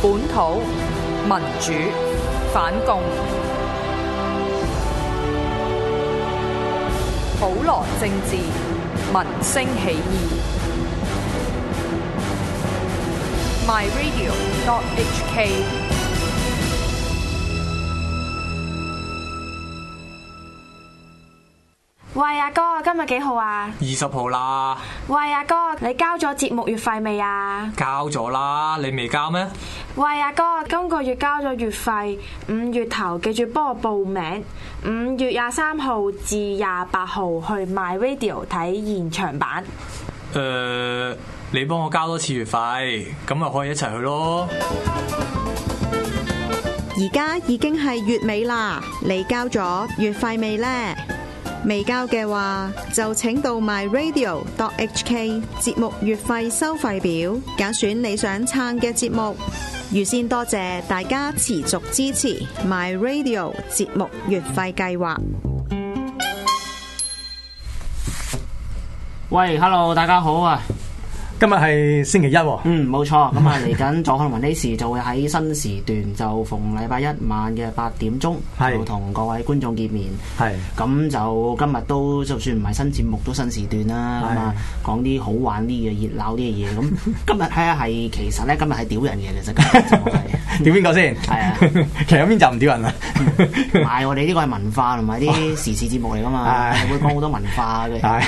本土民主反共，普羅政治，民聲起義。MyRadio.HK。喂，阿哥，今日幾號啊？二十號啦。喂，阿哥，你交咗節目月費未啊？交咗啦，你未交咩？喂，阿哥，今個月交咗月費，五月頭記住幫我報名，五月廿三號至廿八號去 MyRadio 睇現場版。誒、呃，你幫我交多次月費，咁咪可以一齊去咯。而家已經係月尾啦，你交咗月費未呢？未交嘅話，就請到 myradio.hk 節目月費收費表，揀選你想撐嘅節目。預先多謝大家持續支持 myradio 節目月費計劃。喂，Hello，大家好啊！今日係星期一，嗯，冇錯，咁啊嚟緊《坐看雲起時》呢時就會喺新時段，就逢禮拜一晚嘅八點鐘，係同各位觀眾見面，係咁就今日都就算唔係新節目，都新時段啦，咁啊講啲好玩啲嘅熱鬧啲嘅嘢，咁今日咧係其實咧今日係屌人嘅，其實今日屌邊個先？係啊，其實邊就唔屌人啊？唔係，我哋呢個係文化同埋啲時事節目嚟噶嘛，係會講好多文化嘅，係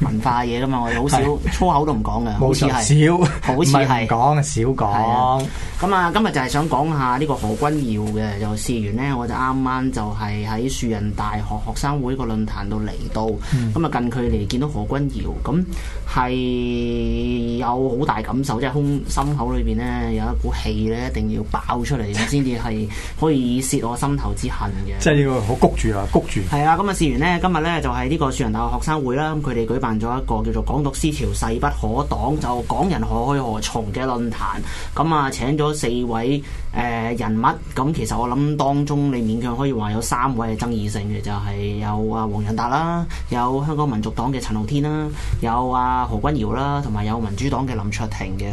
文化嘢噶嘛，我哋好少粗口都唔講嘅。少，似係講少講。咁啊，啊，今日就係想講下呢個何君堯嘅。就試完呢，我就啱啱就係喺樹仁大學學生會個論壇度嚟到。咁啊、嗯，近距離見到何君堯，咁係有好大感受，即、就、係、是、胸心口裏邊呢，有一股氣咧，一定要爆出嚟，先至係可以泄我心頭之恨嘅。即係呢個好谷住啊，谷住。係啊，咁啊試完呢。今日咧就係、是、呢個樹仁大學學生會啦。咁佢哋舉辦咗一個叫做《港獨思潮勢不可擋》。就港人何去何從嘅論壇，咁、嗯、啊請咗四位誒、呃、人物，咁、嗯、其實我諗當中你勉強可以話有三位係爭議性嘅，就係、是、有啊黃仁達啦，有香港民族黨嘅陳浩天啦，有啊何君堯啦，同埋有，有民主黨嘅林卓廷嘅。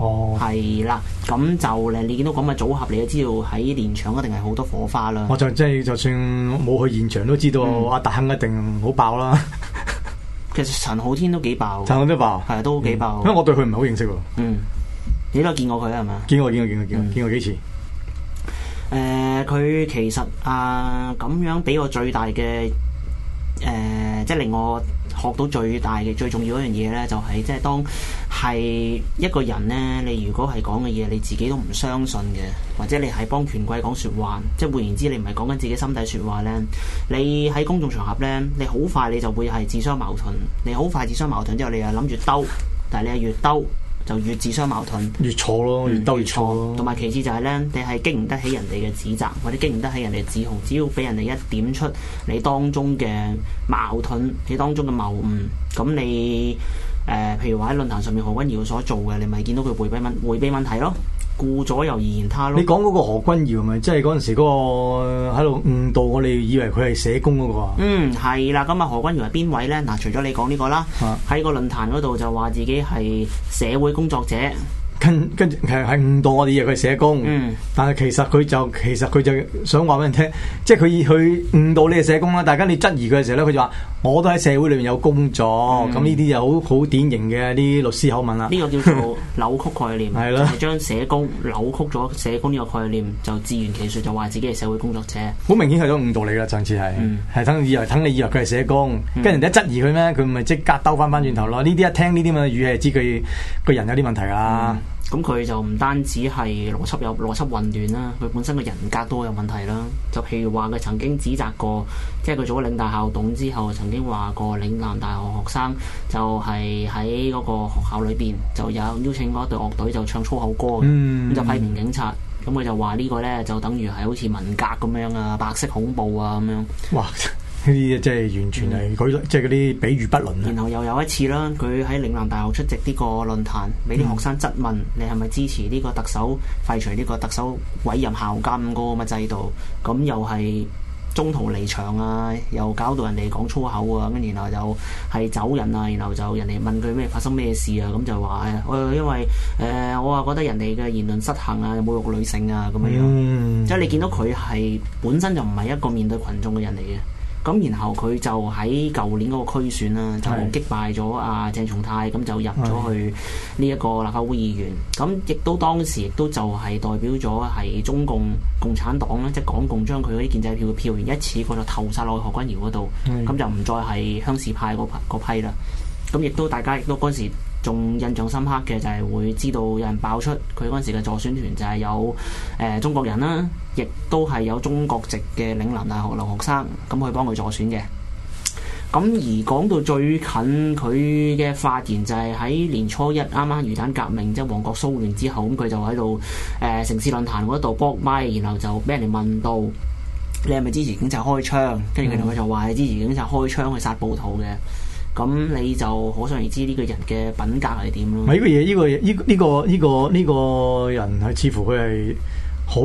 哦、oh，係、嗯、啦，咁就你見到咁嘅組合，你就知道喺現場一定係好多火花啦。我就即係就算冇去現場都知道，阿達亨一定好爆啦。 其實陳浩天都幾爆，陳浩天都爆，係啊，都幾爆、嗯。因為我對佢唔係好認識，嗯，你都見過佢啊？係咪啊？見過，見過，見過，見過，見過幾次？誒、嗯，佢、呃、其實啊，咁、呃、樣俾我最大嘅誒、呃，即係令我。學到最大嘅最重要一樣嘢呢，就係即係當係一個人呢。你如果係講嘅嘢你自己都唔相信嘅，或者你係幫權貴講説話，即係換言之，你唔係講緊自己心底説話呢。你喺公眾場合呢，你好快你就會係自相矛盾，你好快自相矛盾之後，你又諗住兜，但係你又越兜，就越自相矛盾，越錯咯，越兜越錯咯。同埋其次就係咧，你係經唔得起人哋嘅指責，或者經唔得起人哋嘅指控。只要俾人哋一點出你當中嘅矛盾，你當中嘅謬誤，咁你誒，譬如話喺論壇上面何君堯所做嘅，你咪見到佢迴避問迴避問題咯。顧左右而言他咯、那個。你講嗰個何君堯係咪即係嗰陣時嗰個喺度誤導我哋，以為佢係社工嗰個？嗯，係啦。咁啊，何君堯係邊位咧？嗱，除咗你講呢、這個啦，喺、啊、個論壇嗰度就話自己係社會工作者，跟跟住係係誤導我哋以為佢係社，、嗯、社工，但係其實佢就其實佢就想話俾人聽，即係佢佢誤導你係社工啦。大家你質疑佢嘅時候咧，佢就話。我都喺社會裏面有工作，咁呢啲就好好典型嘅啲律師口吻啦，啊。呢個叫做扭曲概念，係咯 的，將社工扭曲咗社工呢個概念，就自圓其說，就話自己係社會工作者。好明顯係咗誤導你啦，上次係，係等，嗯、以為等你以為佢係社工，跟住，嗯、人哋一質疑佢咩？佢咪即刻兜翻翻轉頭咯。呢啲一聽呢啲咁嘅語氣係知佢個人有啲問題啦。嗯咁佢就唔單止係邏輯有邏輯混亂啦，佢本身嘅人格都有問題啦。就譬如話，佢曾經指責過，即係佢做咗嶺大校董之後，曾經話過嶺南大學學生就係喺嗰個學校裏邊就有邀請嗰隊樂隊就唱粗口歌，咁、嗯、就批評警察。咁佢就話呢個呢就等於係好似文革咁樣啊，白色恐怖啊咁樣。哇即係完全係佢即係嗰啲比喻不倫，然後又有一次啦，佢喺嶺南大學出席呢個論壇，俾啲學生質問、嗯、你係咪支持呢個特首廢除呢個特首委任校監個咁嘅制度？咁又係中途離場啊，又搞到人哋講粗口啊，跟然後又係走人啊，然後就人哋問佢咩發生咩事啊，咁就話誒、哎呃，我因為誒我話覺得人哋嘅言論失衡啊，侮辱女性啊咁樣樣，即係、嗯、你見到佢係本身就唔係一個面對群眾嘅人嚟嘅。咁然後佢就喺舊年嗰個區選啦、啊，就擊是敗咗阿鄭松泰，咁就入咗去呢一個立法會議員。咁亦是都當時亦都就係代表咗係中共共產黨啦，即、就是、港共將佢嗰啲建制票嘅票源一次過就投晒落去何君堯嗰度，咁是就唔再係鄉事派嗰批嗰批啦。咁亦都大家亦都嗰時。仲印象深刻嘅就係會知道有人爆出佢嗰陣時嘅助選團就係有誒、呃、中國人啦、啊，亦都係有中國籍嘅嶺南大學留學生咁、嗯、去幫佢助選嘅。咁、嗯嗯、而講到最近佢嘅發言就係喺年初一啱啱魚蛋革命即係旺角騷亂之後，咁、嗯、佢、嗯、就喺度誒城市論壇嗰度搏麥，然後就俾人哋問到你係咪支持警察開槍？跟住佢同佢就話你支持警察開槍去殺暴徒嘅。咁你就可想而知呢個人嘅品格係點咯。咪呢、這個嘢，呢、這個呢呢、這個呢、這個呢、這個人係似乎佢係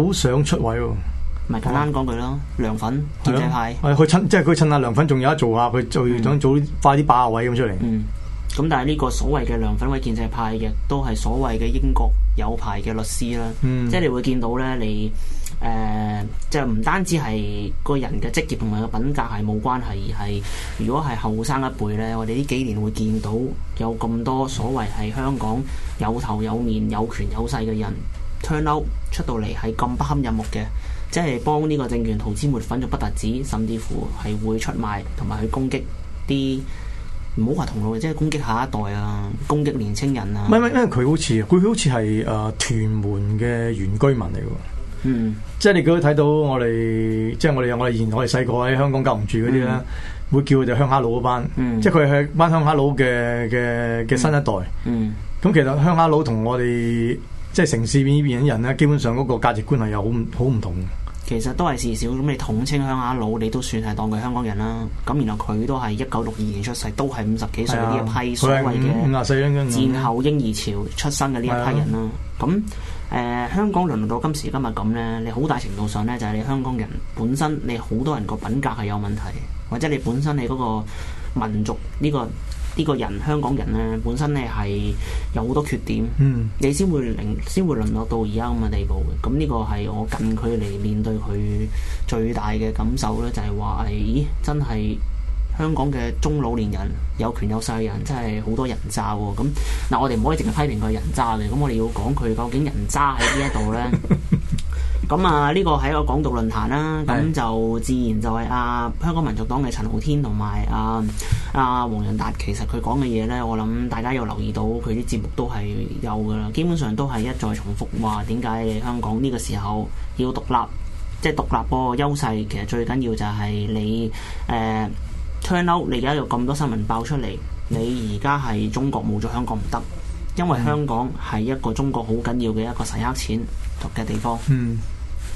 好想出位喎。咪簡單講句咯，涼粉建制派，佢趁即係佢趁下涼粉仲有得做啊，佢就要想早啲快啲霸位咁出嚟。嗯嗯咁但係呢個所謂嘅梁粉偽建制派，亦都係所謂嘅英國有牌嘅律師啦。嗯、即係你會見到呢，你誒、呃、就唔單止係個人嘅職業同埋個品格係冇關係，而係如果係後生一輩呢，我哋呢幾年會見到有咁多所謂係香港有頭有面、有權有勢嘅人，turn out 出到嚟係咁不堪入目嘅，即係幫呢個政權塗脂抹粉，就不特止，甚至乎係會出賣同埋去攻擊啲。唔好話同路，即係攻擊下一代啊！攻擊年輕人啊！唔係因為佢好似，佢好似係誒屯門嘅原居民嚟嘅。嗯，即係你如果睇到我哋，即係我哋，有我哋以前，我哋細個喺香港救唔住嗰啲咧，嗯、會叫佢哋鄉下佬嗰班。嗯、即係佢係班鄉下佬嘅嘅嘅新一代。嗯，咁、嗯、其實鄉下佬同我哋即係城市呢邊嘅人咧，基本上嗰個價值觀係有好好唔同。其實都係事小，咁你統稱鄉下佬，你都算係當佢香港人啦。咁然後佢都係一九六二年出世，都係五十幾歲呢一批所謂嘅戰後嬰兒潮出生嘅呢一批人啦。咁誒、呃，香港輪到今時今日咁呢，你好大程度上呢，就係、是、你香港人本身，你好多人個品格係有問題，或者你本身你嗰個民族呢、這個。呢個人香港人咧，本身咧係有好多缺點，嗯、你先會凌先會淪落到而家咁嘅地步嘅。咁、嗯、呢、呢個係我近距離面對佢最大嘅感受咧，就係話係，咦，真係香港嘅中老年人有權有勢嘅人，真係好多人渣喎。咁、嗯、嗱，我哋唔可以淨係批評佢人渣嘅，咁、嗯、我哋要講佢究竟人渣喺邊一度咧。 咁啊，呢個係一個港獨論壇啦，咁就自然就係啊香港民族黨嘅陳浩天同埋啊啊黃仁達，其實佢講嘅嘢呢，我諗大家有留意到佢啲節目都係有噶啦，基本上都係一再重複話點解香港呢個時候要獨立，即係獨立個優勢，其實最緊要就係你、呃，turn out 你。你而家有咁多新聞爆出嚟，你而家係中國冇咗香港唔得，因為香港係一個中國好緊要嘅一個洗黑錢嘅地方。嗯。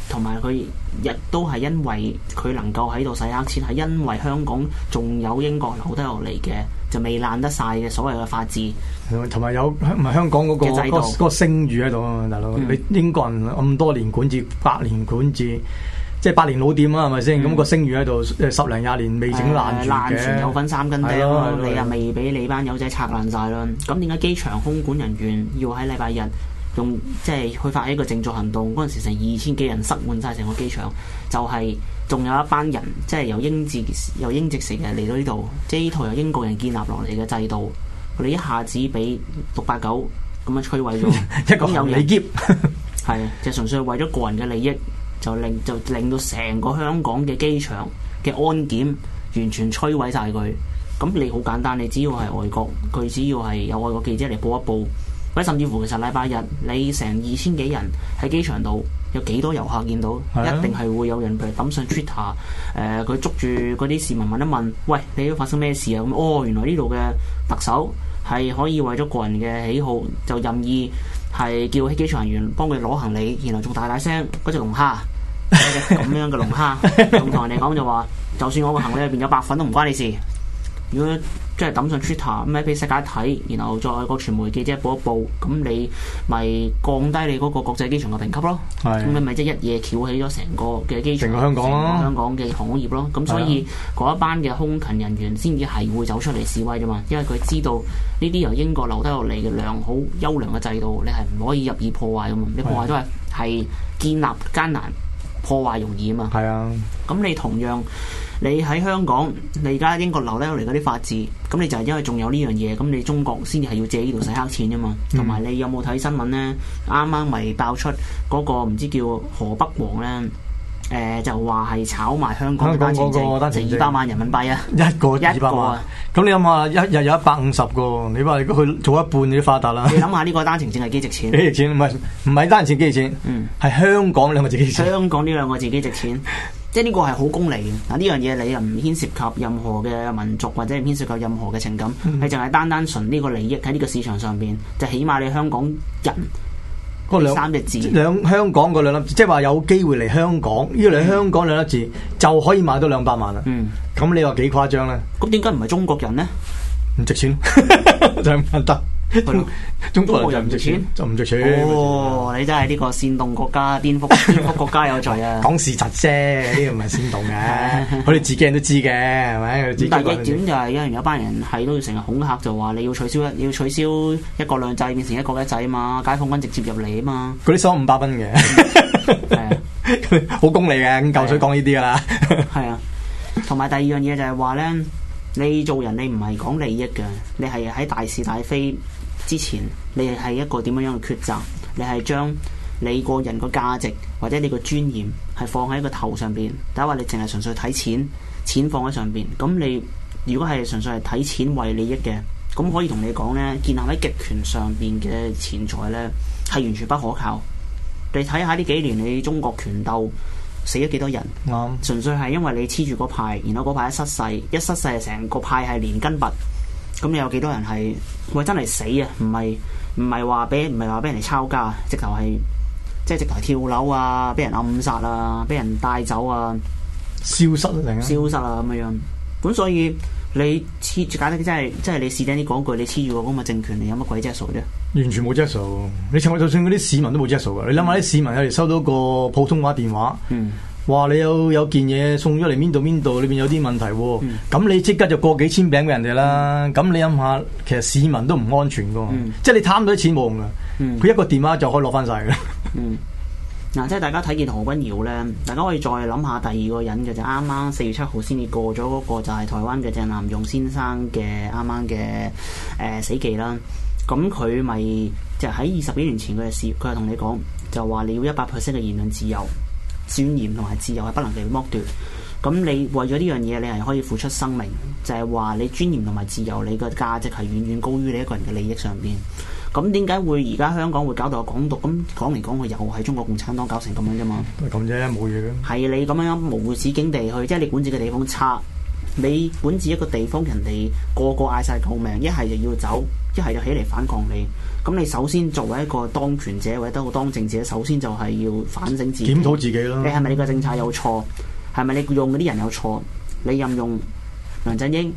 同埋佢亦都係因為佢能夠喺度洗黑錢，係因為香港仲有英國留得落嚟嘅，就未爛得晒嘅所謂嘅法治。同埋有唔係香港嗰個、嗰個聲譽喺度啊，大佬！嗯、你英國人咁多年管治，百年管治，即係百年老店啊，係咪先？咁、嗯、個聲譽喺度，誒十零廿年未整爛嘅、哎。爛船有粉三斤地。你又未俾你班友仔拆爛晒啦！咁點解機場空管人員要喺禮拜日？用即係佢發起一個靜坐行動，嗰陣時成二千幾人塞滿晒成個機場，就係、是、仲有一班人，即係由英治由英殖成日嚟到呢度，即係呢套由英國人建立落嚟嘅制度，佢哋一下子俾六八九咁樣摧毀咗，即 一個有嘢益係，就純、是、粹係為咗個人嘅利益，就令就令到成個香港嘅機場嘅安檢完全摧毀晒佢。咁你好簡單，你只要係外國，佢只要係有外國記者嚟報一報。甚至乎其實禮拜日你成二千幾人喺機場度，有幾多遊客見到，一定係會有人譬如抌上 Twitter，誒、呃、佢捉住嗰啲市民問一問，喂，你都發生咩事啊？咁哦，原來呢度嘅特首係可以為咗個人嘅喜好就任意係叫機場人員幫佢攞行李，然後仲大大聲嗰隻龍蝦，咁樣嘅龍蝦，仲同 人哋講就話，就算我個行李入邊有白粉都唔關你事。如果即係抌上 Twitter，咩，俾世界睇，然後再個傳媒記者，報一報，咁你咪降低你嗰個國際機場嘅評級咯。係咁，你咪即係一夜撬起咗成個嘅機場，成個香港咯，啊，香港嘅航空業咯。咁所以嗰對、啊、一班嘅空勤人員先至係會走出嚟示威啫嘛？因為佢知道呢啲由英國留低落嚟嘅良好，優良嘅制度，你係唔可以入耳破壞噶嘛？對啊、你破壞都係係建立艱難，破壞容易啊嘛。係對啊。咁對、啊、你同樣。你喺香港，你而家英國留低落嚟嗰啲法治，咁你就係因為仲有呢樣嘢，咁你中國先至係要借呢度使黑錢吖嘛。同埋你有冇睇新聞咧？啱啱咪爆出嗰個唔知叫河北王咧，誒、呃、就話係炒埋香港單程證二百萬人民幣啊！一個一百萬，咁個你諗下，一日有一百五十個，你話如果佢做一半，你都發達啦。你諗下呢個單程證係幾值錢？幾值錢？幾值錢？唔係唔係單程幾值錢？嗯，係香港兩個字幾值錢？香港呢兩個字幾值錢。 即呢個係好功利嘅，嗱，呢樣嘢，你又唔牽涉及任何嘅民族，或者唔牽涉及任何嘅情感，你淨係單單純呢個利益喺呢個市場上邊，就起碼你香港人嗰兩兩三隻字，兩香港嗰兩粒，字，即係話有機會嚟香港，要嚟香港兩粒字、嗯、就可以買到兩百萬啦。嗯，咁你話幾誇張咧？咁點解唔係中國人呢？唔值錢就唔得。 中多人就唔值錢，就唔值取。你真係呢個煽動國家、顛覆顛國家有罪啊！講事實啫，呢啲唔係煽動嘅，佢哋自己人都知嘅，係咪？但係逆轉就係，因為有班人係都要成日恐嚇，就話你要取消一，要取消一個兩制變成一個一制啊嘛！解放軍直接入嚟啊嘛！嗰啲收五百蚊嘅，好功利嘅咁，舊水講呢啲噶啦。係啊，同埋第二樣嘢就係話咧，你做人你唔係講利益嘅，你係喺大是大非。之前你係一個點樣樣嘅抉擇？你係將你個人個價值或者你個尊嚴係放喺個頭上邊，定係話你淨係純粹睇錢？錢放喺上邊？咁你如果係純粹係睇錢為利益嘅，咁可以同你講呢：建立喺極權上邊嘅錢財呢，係完全不可靠。你睇下呢幾年你中國權鬥死咗幾多人？嗯、純粹係因為你黐住個派，然後嗰派一失勢，一失勢成個派係連根拔。咁有幾多人係喂真係死啊？唔係唔係話俾，唔係話俾人哋抄家直頭係即係直頭跳樓啊！俾人暗殺啊！俾人帶走啊！失消失啊！消失啦咁樣樣。咁所以你最簡單啲真係真係你試聽啲講句，你黐住我咁嘅政權，你有乜鬼質素啫？完全冇質素。你甚至就算嗰啲市民都冇質素噶。你諗下啲市民有嚟，收到個普通話電話，嗯。話你有有件嘢送咗嚟邊度邊度，裏邊有啲問題、啊，咁、嗯、你即刻就過幾千餅俾人哋啦。咁、嗯、你諗下，其實市民都唔安全噶、啊，嗯、即係你貪咗啲錢冇用噶，佢、嗯、一個電話就可以攞翻晒噶。嗯，嗱、啊，即係大家睇見何君堯咧，大家可以再諗下第二個人嘅，就啱啱四月七號先至過咗嗰個就係台灣嘅鄭南榕先生嘅啱啱嘅誒死忌啦。咁佢咪就喺二十幾年前佢嘅事，佢係同你講就話你要一百 percent 嘅言論自由。尊嚴同埋自由係不能被剝奪，咁你為咗呢樣嘢，你係可以付出生命，就係話你尊嚴同埋自由，你嘅價值係遠遠高於你一個人嘅利益上邊。咁點解會而家香港會搞到港獨？咁講嚟講去又係中國共產黨搞成咁樣啫嘛。咁啫，冇嘢。係你咁樣無止境地去，即係你管治嘅地方差。你管治一個地方，人哋個個嗌晒救命，一係就要走，一係就起嚟反抗你。咁你首先作為一個當權者或者得當政者，首先就係要反省自己。檢討自己啦。欸、是是你係咪呢個政策有錯？係咪你用嗰啲人有錯？你任用梁振英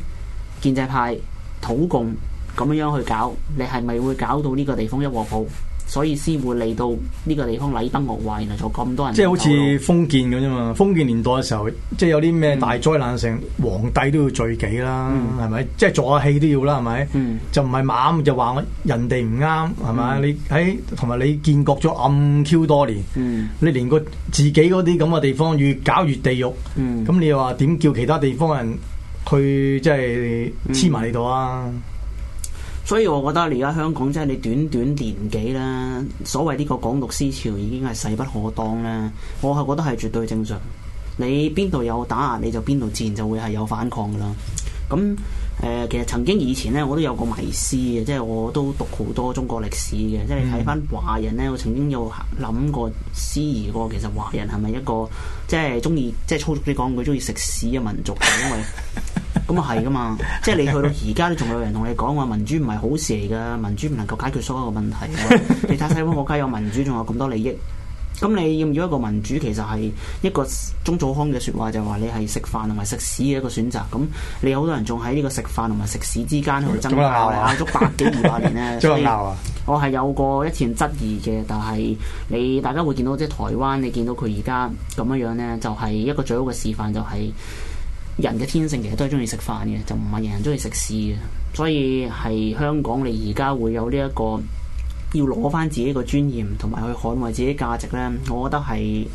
建制派土共咁樣去搞，你係咪會搞到呢個地方一鑊泡？所以先會嚟到呢個地方，禮崩樂壞，原來坐咁多人。即係好似封建咁啫嘛，封建年代嘅時候，即係有啲咩大災難，成、嗯、皇帝都要罪己啦，係咪、嗯？即係做下戲都要啦，係咪、嗯？就唔係猛就話人哋唔啱係咪？嗯、你喺同埋你建國咗暗 Q 多年，嗯、你連個自己嗰啲咁嘅地方越搞越地獄，咁、嗯、你又話點叫其他地方人去即係黐埋你度啊？嗯嗯。所以我覺得而家香港即係你短短年幾啦，所謂呢個港獨思潮已經係勢不可當啦。我係覺得係絕對正常。你邊度有打壓，你就邊度自然就會係有反抗噶啦。咁誒、呃，其實曾經以前咧，我都有個迷思嘅，即係我都讀好多中國歷史嘅，即係睇返華人咧，我曾經有諗過思疑過，其實華人係咪一個即係中意即係粗俗啲講，佢中意食屎嘅民族？因為 咁啊係噶嘛！即係你去到而家都仲有人同你講話民主唔係好事嚟噶，民主唔能夠解決所有嘅問題。你睇西方國家有民主仲有咁多利益，咁你要唔要一個民主？其實係一個鍾祖康嘅説話就係話你係食飯同埋食屎嘅一個選擇。咁你好多人仲喺呢個食飯同埋食屎之間去爭拗啊！爭拗啊！爭拗百幾二百年呢，我係有過一次質疑嘅，但係你大家會見到即係台灣，你見到佢而家咁樣樣呢，就係一個最好嘅示範，就係。人嘅天性其實都係中意食飯嘅，就唔係人人中意食屎嘅。所以係香港，你而家會有呢、這、一個要攞翻自己嘅尊嚴，同埋去捍衛自己價值呢。我覺得係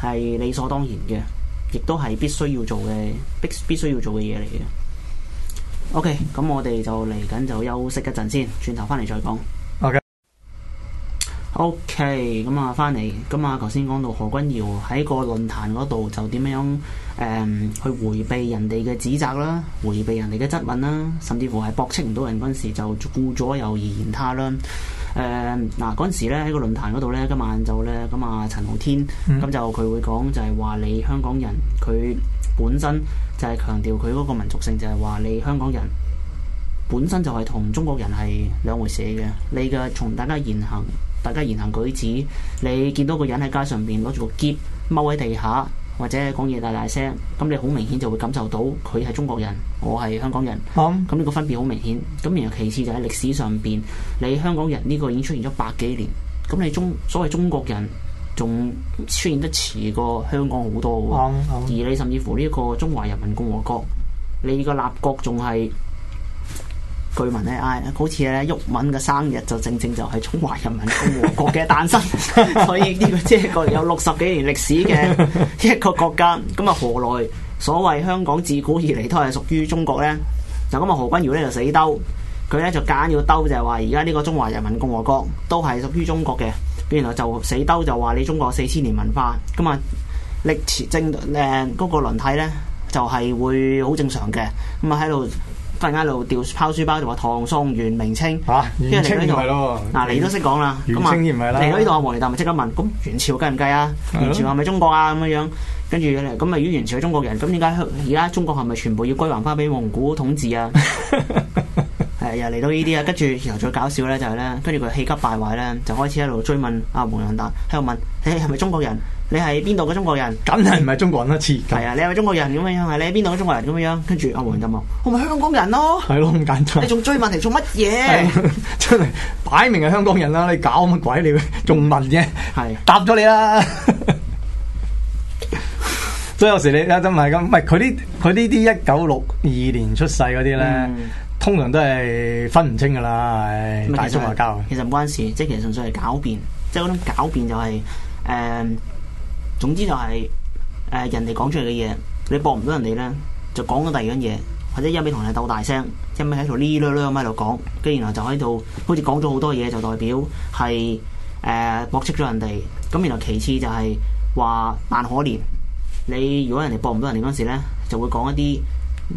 係理所當然嘅，亦都係必須要做嘅必必須要做嘅嘢嚟嘅。OK，咁我哋就嚟緊就休息一陣先，轉頭翻嚟再講。O K，咁啊，翻嚟咁啊，頭先講到何君堯喺個論壇嗰度就點樣誒、嗯、去迴避人哋嘅指責啦，迴避人哋嘅質問啦，甚至乎係駁斥唔到人嗰陣時就顧左右而言他啦。誒、嗯、嗱，嗰、啊、陣時咧喺個論壇嗰度咧，今晚晏晝咧，咁、嗯、啊陳浩天咁、嗯嗯、就佢會講就係話你香港人佢本身就係強調佢嗰個民族性，就係、是、話你香港人本身就係同中國人係兩回事嘅。你嘅從大家言行，大家言行舉止，你見到個人喺街上邊攞住個喼踎喺地下，或者講嘢大大聲，咁你好明顯就會感受到佢係中國人，我係香港人。咁呢個分別好明顯。咁然後其次就喺歷史上邊，你香港人呢個已經出現咗百幾年，咁你中所謂中國人仲出現得遲過香港好多喎。嗯嗯、而你甚至乎呢一個中華人民共和國，你個立國仲係。據聞咧，哎，好似咧，毓民嘅生日就正正就係中華人民共和國嘅誕生， 所以呢個即係個有六十幾年歷史嘅一個國家，咁啊何來所謂香港自古以嚟都係屬於中國呢？就咁啊何君堯咧就死兜，佢咧就硬要兜，就係話而家呢個中華人民共和國都係屬於中國嘅，原來就死兜就話你中國四千年文化，咁啊歷史正誒嗰、那個輪替呢，就係、是、會好正常嘅，咁啊喺度。瞓喺度掉拋書包就話唐宋元明清，吓，嚟到呢度，嗱你都識講啦，咁啊嚟到呢度阿黃仁達咪即刻問，咁元朝計唔計啊？元朝係咪中國啊？咁樣，跟住，咁咪如果元朝係中國人，咁點解而家中國係咪全部要歸還翻俾蒙古統治啊？誒、 哎，又嚟到呢啲啊，跟住然後最搞笑咧就係、是、咧，跟住佢氣急敗壞咧，就開始一路追問阿黃仁達喺度問，誒係咪中國人？你係邊度嘅中國人？梗係唔係中國人啦？黐線！係啊，你係咪中國人咁樣樣？係你係邊度嘅中國人咁樣樣？跟住阿黃振茂，我咪香港人咯。係咯，咁簡單。你仲追問嚟做乜嘢 ？出嚟擺明係香港人啦！你搞乜鬼、嗯、了你仲問啫？係答咗你啦。所以有時你真唔係咁，唔係佢啲佢呢啲一九六二年出世嗰啲咧，嗯、通常都係分唔清噶啦，係。唔係其實唔係教嘅。其實唔關事，即係純粹係狡辯，即係嗰種狡辯就係、是、誒。嗯總之就係、是、誒、呃、人哋講出嚟嘅嘢，你駁唔到人哋咧，就講咗第二樣嘢，或者一味同人鬥大聲，一味喺度呢囉囉咁喺度講，咁然後就喺度好似講咗好多嘢，就代表係誒駁斥咗人哋。咁、啊、然後其次就係話扮可憐。你如果人哋駁唔到人哋嗰時咧，就會講一啲。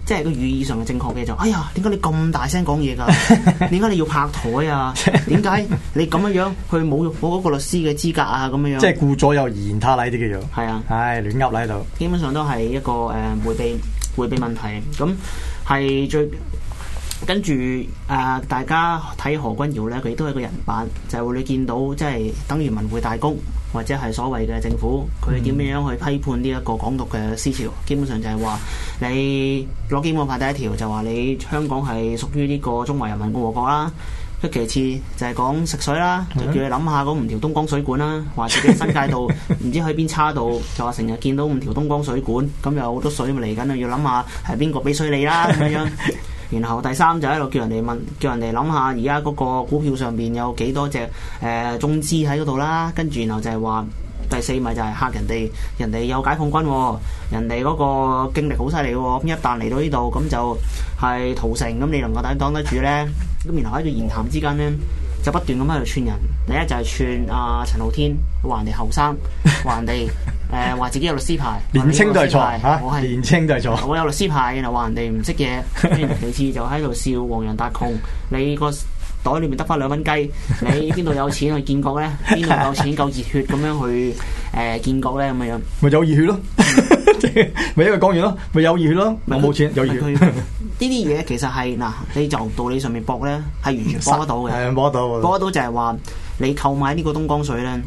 即係個語義上係正確嘅就，哎呀，點解你咁大聲講嘢噶？點解 你要拍台啊？點解 你咁樣樣去侮辱個律師嘅資格啊？咁樣樣即係顧左右而言他啦，呢啲叫做係啊，唉，亂噏啦喺度，基本上都係一個誒回避回避問題，咁係最跟住誒、呃、大家睇何君堯咧，佢亦都係一個人版，就是、你見到即係等於文匯大公。或者係所謂嘅政府，佢點樣樣去批判呢一個港獨嘅思潮？基本上就係話你攞基本法第一條，就話你香港係屬於呢個中華人民共和國啦。跟其次就係講食水啦，就叫你諗下嗰五條東江水管啦，話自己新界度唔知去邊叉度，就話成日見到五條東江水管，咁有好多水咪嚟緊啦，要諗下係邊個俾水你啦咁樣。 然後第三就喺度叫人哋問，叫人哋諗下而家嗰個股票上邊有幾多隻誒、呃、中資喺嗰度啦，跟住然後就係話第四咪就係吓人哋，人哋有解放軍、哦，人哋嗰個經歷好犀利喎，咁一旦嚟到呢度咁就係屠城，咁你能夠抵擋得住呢？咁然後喺度言談之間呢，就不斷咁喺度串人，第一就係串阿、呃、陳浩天，話人哋後生，話人哋。 誒，話、呃、自己有律師牌，年青，年青就係錯吓，我係年青就係錯。我有律師牌，然後話人哋唔識嘢，呢幾次就喺度笑黃洋達窮。你個袋裏面得翻兩蚊雞，你邊度有錢去建國咧？邊度有錢夠熱血咁、呃、樣去誒建國咧？咁嘅樣咪有熱血咯，咪因為講完咯，咪有熱血咯。我冇錢有熱血。呢啲嘢其實係嗱、啊，你就道理上面搏咧，係完全搏得到嘅。係搏得到，搏得到就係話你購買呢個東江水咧。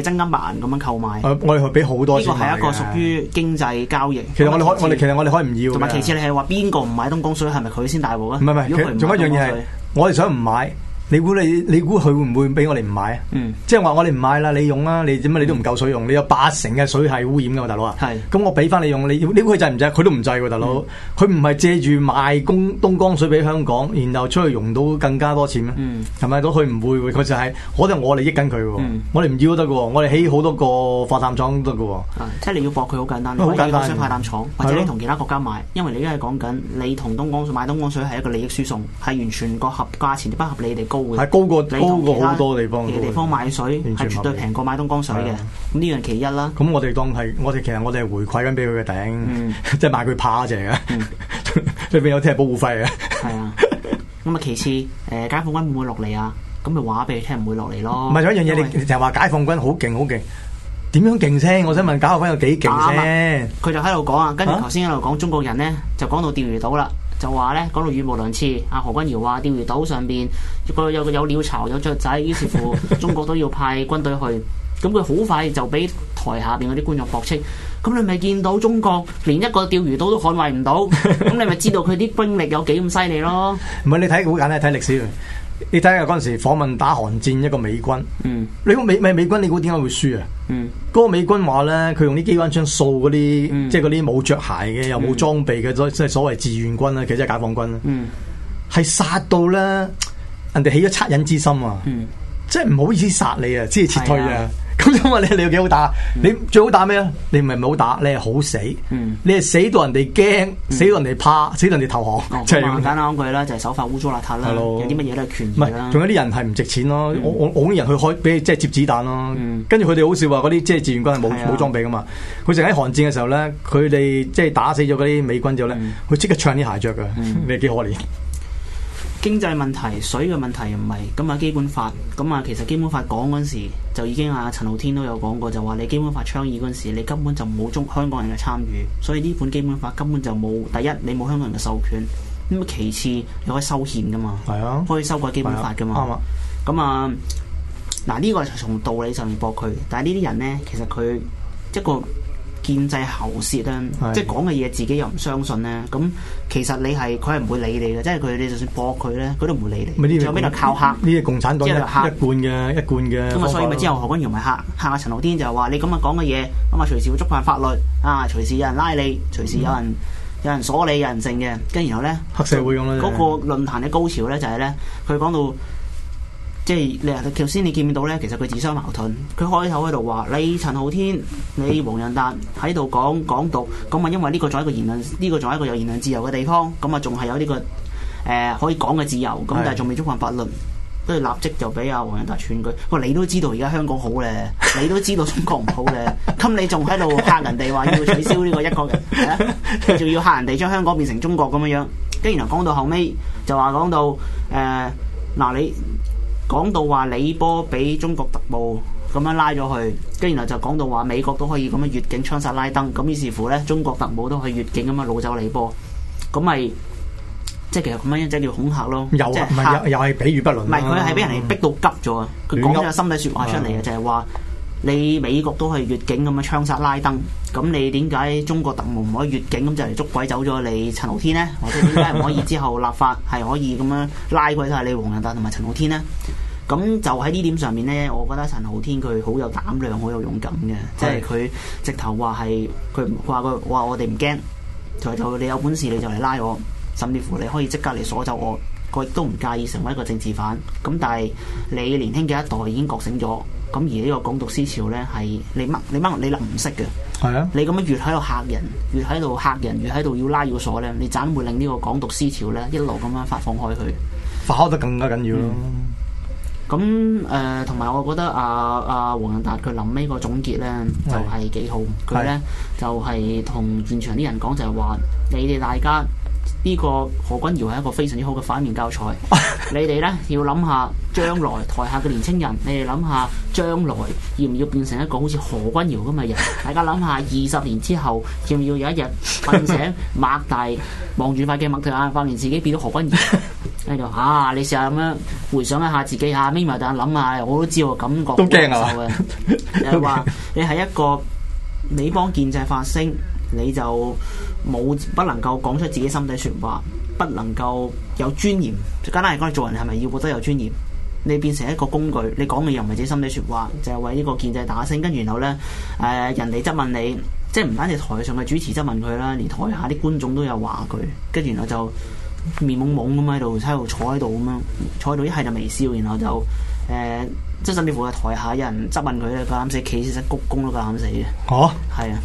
係真金白銀咁樣購買，啊、我哋去俾好多錢。呢個係一個屬於經濟交易。其實我哋可，我哋其實我哋可以唔要。同埋其次，你係話邊個唔買東江水，係咪佢先大鑊啊？唔係唔係，仲有一樣嘢係我哋想唔買。你估你你估佢會唔會俾我哋唔買啊？即係話我哋唔買啦，你用啦，你點解你都唔夠水用，你有八成嘅水係污染嘅，大是我大佬啊，咁我俾翻你用，你估佢制唔制？佢都唔制，大佬，佢唔係借住賣東東江水俾香港，然後出去用到更加多錢咩？嗯，係咪？佢唔會，佢就係、是、可能我哋益緊佢、嗯，我哋唔要都得嘅，我哋起好多個化淡廠得嘅，即係你要博佢好簡單，我簡單想化淡廠或者你同其他國家買，的因為你而家係講緊你同東江水買東江水係一個利益輸送，係完全個合價錢不合理地。係高過，高過好多地方，其他，其他地方買水係絕對平過買東江水嘅。咁呢、嗯嗯、樣其一啦。咁我哋當係我哋其實我哋係回饋緊俾佢嘅頂，即係賣佢怕啫。裏邊有啲係保護費嘅。係啊。咁啊，其次，誒，解放軍會唔會落嚟啊？咁咪話俾你聽，唔會落嚟咯。唔係，仲有一樣嘢，你成日話解放軍好勁，好勁，點樣勁先？我想問解放軍有幾勁先？佢、嗯、就喺度講啊，跟住頭先喺度講中國人咧，就講到釣魚島啦。就話咧，講到語無倫次。阿何君堯話釣魚島上邊個有個有，有鳥巢有雀仔，於是乎中國都要派軍隊去。咁佢好快就俾台下邊嗰啲觀眾駁斥。咁你咪見到中國連一個釣魚島都捍衛唔到，咁你咪知道佢啲兵力有幾咁犀利咯？唔係 你睇好簡單，睇歷史。你睇下嗰陣時訪問打韓戰一個美軍，嗯、你個美美美軍，你估點解會輸啊？嗰、嗯、個美軍話咧，佢用啲機關槍掃嗰啲，即係嗰啲冇着鞋嘅，又冇裝備嘅，嗯、即係所謂志願軍啦，其實係解放軍啦，係殺、嗯、到咧，人哋起咗惻隱之心啊！嗯、即係唔好意思殺你啊，即係撤退啊！嗯嗯咁因為你你有幾好打，你最好打咩啊？你唔係唔好打，你係好死，你係死到人哋驚，死到人哋怕，死到人哋投降。就係簡單講句啦，就係手法污糟邋遢啦，有啲乜嘢都係拳術，仲有啲人係唔值錢咯，我我我啲人去開，俾即係接子彈咯。跟住佢哋好笑話，嗰啲即係志願軍係冇冇裝備噶嘛。佢就喺寒戰嘅時候咧，佢哋即係打死咗嗰啲美軍之後咧，佢即刻穿啲鞋着噶，你係幾可憐。經濟問題、水嘅問題又唔係，咁啊基本法，咁啊其實基本法講嗰陣時，就已經阿陳浩天都有講過，就話你基本法倡議嗰陣時，你根本就冇中香港人嘅參與，所以呢本基本法根本就冇第一，你冇香港人嘅授權，咁啊其次，你可以修憲噶嘛，係啊，可以修改基本法噶嘛，咁啊嗱呢、啊啊呢個就從道理上面駁佢，但係呢啲人呢，其實佢一個。建制喉舌啊，即係講嘅嘢自己又唔相信咧，咁其實你係佢係唔會理你嘅，嗯、即係佢你就算駁佢咧，佢都唔會理你。有咩度靠嚇？呢啲共產黨，即係嚇一貫嘅嚇一貫嘅。咁啊，所以咪之後何君堯咪嚇嚇阿陳浩天就話：你咁樣講嘅嘢咁啊隨時會觸犯法律啊，隨時有人拉你，隨時有人、嗯、時有人有人鎖你，有人性嘅。跟然後咧黑社會用啦嗰個論壇嘅高潮咧就係咧佢講到。即係你頭先你見到咧，其實佢自相矛盾。佢開口喺度話你陳浩天、你黃仁達喺度講港獨，咁啊因為呢個仲係一個言論，呢、呢個仲係一個有言論自由嘅地方，咁啊仲係有呢、呢個誒、呃、可以講嘅自由，咁但係仲未觸犯法律，跟住立即就俾阿黃仁達串佢：「個你都知道而家香港好咧，你都知道中國唔好咧，咁 你仲喺度嚇人哋話要取消呢個一個人，仲要嚇人哋將香港變成中國咁樣樣。跟住然後講到後尾就話講到誒嗱、呃、你。講到話李波俾中國特務咁樣拉咗去，跟住然後就講到話美國都可以咁樣越境槍殺拉登，咁於是乎咧，中國特務都去越境咁樣擄走李波，咁咪即係其實咁樣一係叫恐嚇咯。又係比喻不倫。唔係佢係俾人哋逼到急咗啊！佢講咗個心底說話出嚟嘅呼就係話你美國都係越境咁樣槍殺拉登，咁、嗯、你點解中國特務唔可以越境咁就嚟捉鬼走咗你陳浩天呢，或者點解唔可以之後立法係可以咁樣拉佢都係你黃仁達同埋陳浩天呢。」咁就喺呢點上面呢，我覺得陳浩天佢好有膽量，好有勇敢嘅，的即係佢直頭話係佢話佢話我哋唔驚，就係就你有本事你就嚟拉我，甚至乎你可以即刻嚟鎖走我，佢亦都唔介意成為一個政治犯。咁但係你年輕嘅一代已經覺醒咗，咁而呢個港獨思潮呢，係你掹你掹你撚唔識嘅。係啊，你咁的樣越喺度嚇人，越喺度嚇人，越喺度要拉要鎖呢，你盞會令呢個港獨思潮呢一路咁樣發放開去，發酵得更加緊要咯、嗯、～咁誒，同埋、呃、我覺得啊阿黃、啊、仁達佢臨尾個總結咧，是就係幾好。佢咧是就係同現場啲人講，就係、是、話你哋大家。呢個何君堯係一個非常之好嘅反面教材， 你哋咧，要諗下將來台下嘅年青人，你哋諗下將來要唔要變成一個好似何君堯咁嘅人？ 大家諗下二十年之後，要唔要有一日瞓醒擘大望住塊鏡擘大眼，發現自己變咗何君堯？喺度 啊！你試下咁樣回想一下自己吓，眯埋眼諗下，我都知我感覺都驚啊！又話 你係一個美邦建制發聲。你就冇不能夠講出自己心底說話，不能夠有尊嚴。簡單嚟講，你做人係咪要覺得有尊嚴？你變成一個工具，你講嘅又唔係自己心底說話，就係、是、為呢個建制打聲。跟住然後咧，誒、呃、人哋質問你，即係唔單止台上嘅主持質問佢啦，連台下啲觀眾都有話佢。跟住然後就面懵懵咁喺度，喺度坐喺度咁樣坐喺度，一係就微笑，然後就誒、呃，即係甚至乎係台下有人質問佢咧，佢夠膽死企起身鞠躬都夠膽死嘅。哦，係啊。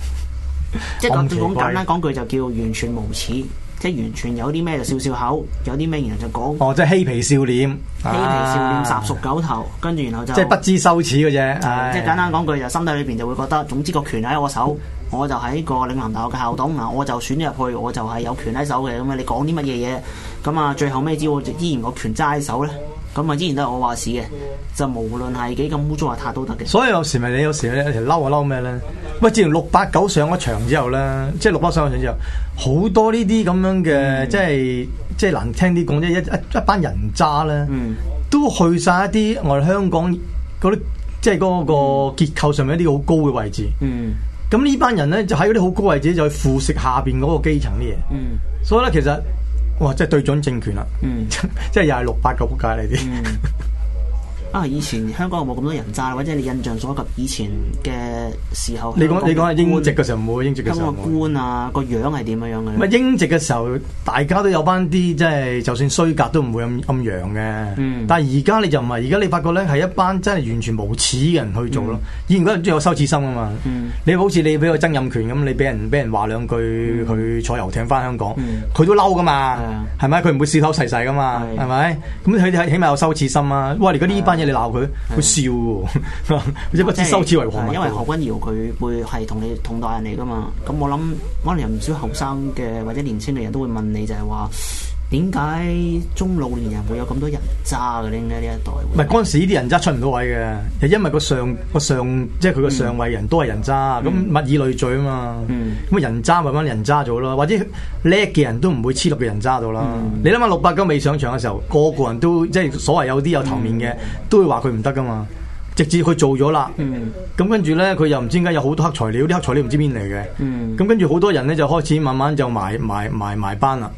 即係講講簡單講句就叫完全無恥，即係完全有啲咩就笑笑口，有啲咩然後就講。哦，即係嬉皮笑臉，嬉皮笑臉殺、啊、熟狗頭，跟住然後就即係不知羞恥嘅啫。哎、即係簡單講句就心底裏邊就會覺得，總之個權喺我手，我就喺個嶺南大學嘅校董，嗱，我就選咗入去，我就係有權喺手嘅，咁啊，你講啲乜嘢嘢，咁啊，最後尾知我依然個權揸喺手咧。咁啊！之前都係我話事嘅，就無論係幾咁污糟邋遢都得嘅。所以有時咪你有時嬲啊嬲咩咧？喂，之前六八九上咗場之後咧，即係六八九上咗場之後，好多呢啲咁樣嘅、嗯，即係即係難聽啲講，即係一一一班人渣咧，嗯、都去晒一啲我哋香港嗰啲，即係嗰、嗰個結構上面一啲好高嘅位置。嗯。咁呢班人咧就喺嗰啲好高位置，就腐蝕下邊嗰個基層啲嘢。嗯。所以咧，其實～哇！即係對準政權啦、啊，嗯、 即係又係六八個仆街嚟啲。 啊！以前香港冇咁多人渣，或者你印象所及以前嘅時候，你講你講下英治嘅時候唔會英治嘅時候，個官啊個樣係點樣樣嘅，咪英治嘅時候，大家都有班啲即係就算衰格都唔會咁咁揚嘅。嗯，但係而家你就唔係，而家你發覺咧係一班真係完全無恥嘅人去做咯。以前嗰陣有羞恥心啊嘛。你好似你俾個曾蔭權咁，你俾人俾人話兩句，佢坐遊艇翻香港，佢都嬲噶嘛。係咪佢唔會笑口細細噶嘛？係咪咁佢起起碼有羞恥心啊？哇！而家呢班～你鬧佢，佢笑喎，即、嗯、 不知羞恥、啊就是、為何？因為何君堯佢會係同你同代人嚟㗎嘛，咁我諗可能有唔少後生嘅或者年輕嘅人都會問你就，就係話。點解中老年人會有咁多人渣嘅咧？呢一代唔係嗰陣時啲人渣出唔到位嘅，係因為個上個上即係佢個上位人都係人渣，咁物 以類聚啊嘛。咁 人渣咪揾人渣做咯，或者叻嘅人都唔會黐落嘅人渣度啦。 你諗下六八九未上場嘅時候，個個人都即係所謂有啲有頭面嘅，都會話佢唔得噶嘛。直至佢做咗啦，咁、嗯、跟住咧，佢又唔知點解有好多黑材料，啲黑材料唔知邊嚟嘅，咁、嗯、跟住好多人咧就開始慢慢就埋埋埋，埋埋班啦，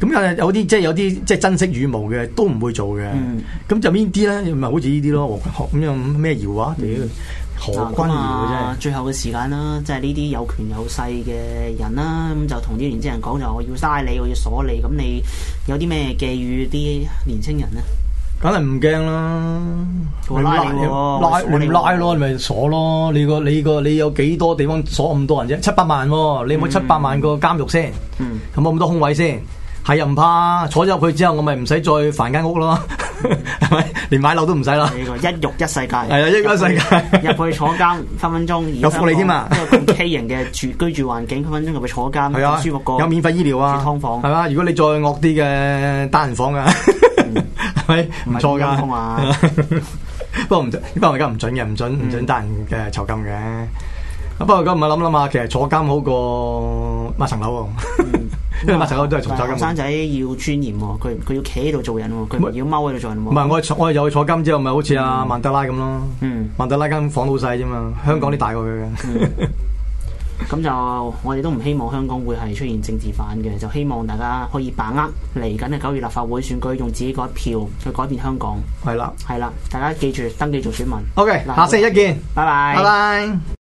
咁啊、嗯、有啲即係有啲即係珍惜羽毛嘅都唔會做嘅，咁、嗯、就邊啲咧，咪好似呢啲咯何，何君咁樣咩謠話屌何君堯啊，最後嘅時間啦，即係呢啲有權有勢嘅人啦、啊，咁就同啲年青人講就我要嘥你，我要鎖你，咁你，你有啲咩寄語啲年青人咧？梗係唔驚啦，我拉你唔拉咯，你咪坐咯。你個你個你有幾多地方坐咁多人啫？七百萬、喔，你有冇七百萬個監獄先，有冇咁多空位先？係又唔怕，坐咗入去之後，我咪唔使再煩間屋咯，係咪、嗯？ 連買樓都唔使啦。一獄一世界，係 啊，一獄一世界，入去 坐監分分鐘。有福利添啊，畸形嘅住居住環境，分分鐘入去坐監舒服過，有免費醫療啊，湯房係嘛？如果你再惡啲嘅單人房啊。係唔錯噶，不過唔不過我而家唔准嘅，唔准唔准得人嘅酬金嘅。不過咁唔係諗諗嘛，其實坐監好過抹層樓喎，因為抹層樓都係坐監。生仔要尊嚴，佢佢要企喺度做人，佢唔要踎喺度做人。唔係我我係有坐監之後，咪好似阿曼德拉咁咯。曼德拉間房好細啫嘛，香港啲大過佢嘅。咁就我哋都唔希望香港會係出現政治犯嘅，就希望大家可以把握嚟緊嘅九月立法會選舉，用自己嗰一票去改變香港。係啦了，係啦，大家記住登記做選民。OK，下星期一見，拜拜。拜拜 bye。Bye bye。